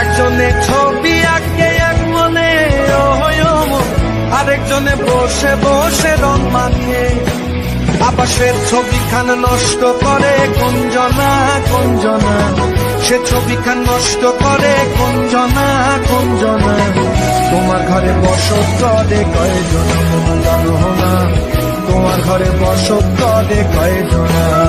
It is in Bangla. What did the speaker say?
একজনে ছবি আঁকে এক মনে আরেকজনে বসে বসে রং মাখে আবাসের ছবিখান নষ্ট করে কুঞ্জনা কুঞ্জনা সে ছবিখান নষ্ট করে কুঞ্জনা কুঞ্জনা তোমার ঘরে বসত করে কয়জন তোমার ঘরে বসত করে কয়জনা